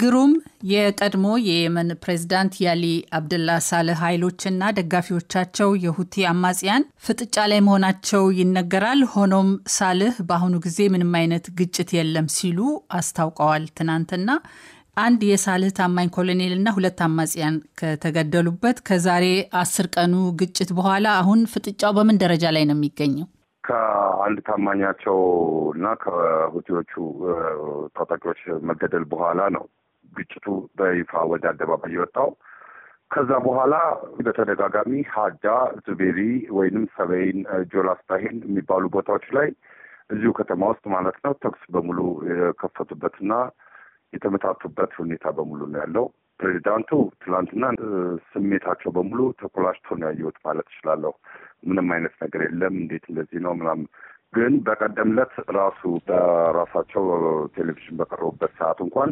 ግሩም የቀድሞ የየመን ፕሬዝዳንት ያሊ አብደላ ሳልህ ኃይሎችና ደጋፊዎቻቸው የሁቲ አማጽያን ፍጥጫ ላይ መሆናቸው ይነገራል። ሆኖም ሳልህ በአሁኑ ጊዜ ምንም አይነት ግጭት የለም ሲሉ አስታውቀዋል። ትናንትና አንድ የሳልህ ታማኝ ኮሎኔልና ሁለት አማጽያን ከተገደሉበት ከዛሬ አስር ቀኑ ግጭት በኋላ አሁን ፍጥጫው በምን ደረጃ ላይ ነው የሚገኘው? ከአንድ ታማኛቸው እና ከሁቲዎቹ ታጣቂዎች መገደል በኋላ ነው ግጭቱ በይፋ ወደ አደባባይ የወጣው። ከዛ በኋላ በተደጋጋሚ ሀዳ፣ ዙቤሪ ወይንም ሰበይን፣ ጆላስታሂን የሚባሉ ቦታዎች ላይ እዚሁ ከተማ ውስጥ ማለት ነው ተኩስ በሙሉ የከፈቱበትና የተመታቱበት ሁኔታ በሙሉ ነው ያለው። ፕሬዚዳንቱ ትላንትና ስሜታቸው በሙሉ ተኮላሽቶ ነው ያየሁት ማለት እችላለሁ። ምንም አይነት ነገር የለም እንዴት እንደዚህ ነው ምናምን። ግን በቀደም ዕለት ራሱ በራሳቸው ቴሌቪዥን በቀረቡበት ሰዓት እንኳን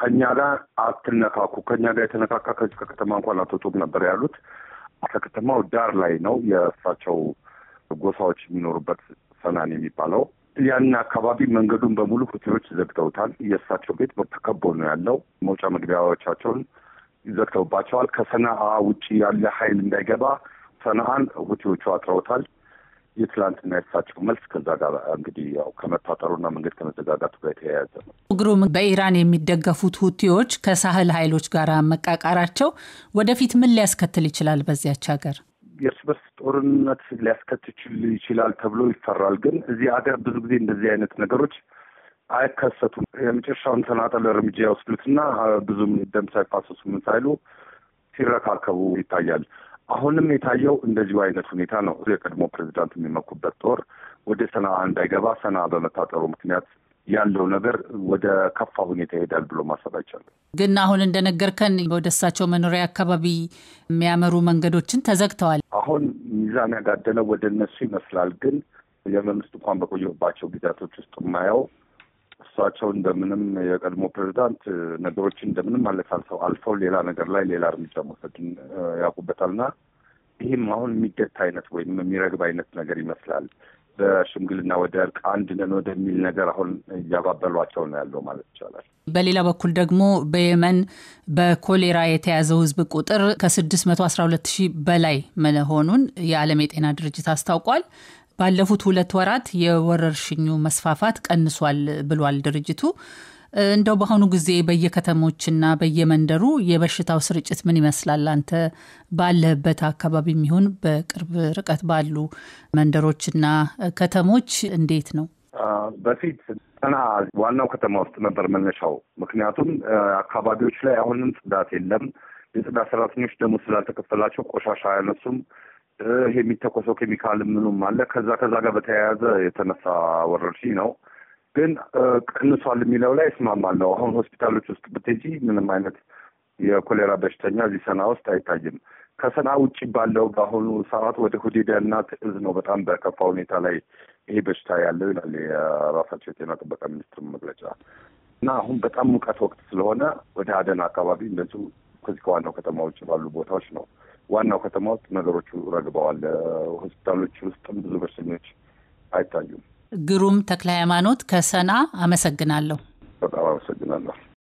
ከኛ ጋር አትነካኩ፣ ከኛ ጋር የተነካካ ከዚህ ከከተማ እንኳን አትወጡም ነበር ያሉት። ከከተማው ዳር ላይ ነው የእሳቸው ጎሳዎች የሚኖሩበት ሰናን የሚባለው ያንን አካባቢ መንገዱን በሙሉ ሁቲዎች ዘግተውታል። የእሳቸው ቤት ተከቦ ነው ያለው። መውጫ መግቢያዎቻቸውን ዘግተውባቸዋል። ከሰናአ ውጭ ያለ ኃይል እንዳይገባ ሰናአን ሁቲዎቹ አጥረውታል። የትላንትና የተሳጨው መልስ ከዛ ጋር እንግዲህ ያው ከመታጠሩና መንገድ ከመዘጋጋቱ ጋር የተያያዘ ነው። ግሩም፣ በኢራን የሚደገፉት ሁቲዎች ከሳህል ኃይሎች ጋር መቃቃራቸው ወደፊት ምን ሊያስከትል ይችላል? በዚያች ሀገር የእርስ በርስ ጦርነት ሊያስከትችል ይችላል ተብሎ ይፈራል። ግን እዚህ ሀገር ብዙ ጊዜ እንደዚህ አይነት ነገሮች አይከሰቱም። የመጨረሻውን ተናጠል እርምጃ ይወስዱትና ብዙም ደም ሳይፋሰሱ ምን ሳይሉ ሲረካከቡ ይታያል። አሁንም የታየው እንደዚሁ አይነት ሁኔታ ነው። የቀድሞ ፕሬዚዳንት የሚመኩበት ጦር ወደ ሰና እንዳይገባ ሰና በመታጠሩ ምክንያት ያለው ነገር ወደ ከፋ ሁኔታ ይሄዳል ብሎ ማሰብ አይቻልም። ግን አሁን እንደነገርከን ወደ እሳቸው መኖሪያ አካባቢ የሚያመሩ መንገዶችን ተዘግተዋል። አሁን ሚዛን ያጋደለው ወደ እነሱ ይመስላል። ግን የመንግስት እንኳን በቆየባቸው ጊዜያቶች ውስጥ የማየው እሳቸው እንደምንም የቀድሞ ፕሬዚዳንት ነገሮችን እንደምንም ማለት አልፈው አልፈው ሌላ ነገር ላይ ሌላ እርምጃ መውሰድን ያውቁበታልና ይህም አሁን የሚገት አይነት ወይም የሚረግብ አይነት ነገር ይመስላል። በሽምግልና ወደ እርቅ አንድ ነን ወደሚል ነገር አሁን እያባበሏቸው ነው ያለው ማለት ይቻላል። በሌላ በኩል ደግሞ በየመን በኮሌራ የተያዘው ሕዝብ ቁጥር ከ612 ሺህ በላይ መሆኑን የዓለም የጤና ድርጅት አስታውቋል። ባለፉት ሁለት ወራት የወረርሽኙ መስፋፋት ቀንሷል ብሏል ድርጅቱ። እንደው በአሁኑ ጊዜ በየከተሞችና በየመንደሩ የበሽታው ስርጭት ምን ይመስላል? አንተ ባለህበት አካባቢ የሚሆን በቅርብ ርቀት ባሉ መንደሮችና ከተሞች እንዴት ነው? በፊት ጠና ዋናው ከተማ ውስጥ ነበር መነሻው። ምክንያቱም አካባቢዎች ላይ አሁንም ጽዳት የለም። የጽዳት ሰራተኞች ደግሞ ስላልተከፈላቸው ቆሻሻ አያነሱም። ይሄ የሚተኮሰው ኬሚካል ምኑም አለ ከዛ ከዛ ጋር በተያያዘ የተነሳ ወረርሽኝ ነው። ግን ቀንሷል የሚለው ላይ እስማማል ነው። አሁን ሆስፒታሎች ውስጥ ብትጂ ምንም አይነት የኮሌራ በሽተኛ እዚህ ሰና ውስጥ አይታይም። ከሰና ውጭ ባለው በአሁኑ ሰዓት ወደ ሁዴዳ እና ትዕዝ ነው በጣም በከፋ ሁኔታ ላይ ይሄ በሽታ ያለው ይላል የራሳቸው የጤና ጥበቃ ሚኒስትር መግለጫ። እና አሁን በጣም ሙቀት ወቅት ስለሆነ ወደ አደን አካባቢ እንደዚሁ ከዚህ ከዋናው ከተማ ውጭ ባሉ ቦታዎች ነው ዋናው ከተማ ውስጥ ነገሮቹ ረግበዋል። ሆስፒታሎች ውስጥም ብዙ በሽተኞች አይታዩም። ግሩም ተክለ ሃይማኖት ከሰና አመሰግናለሁ።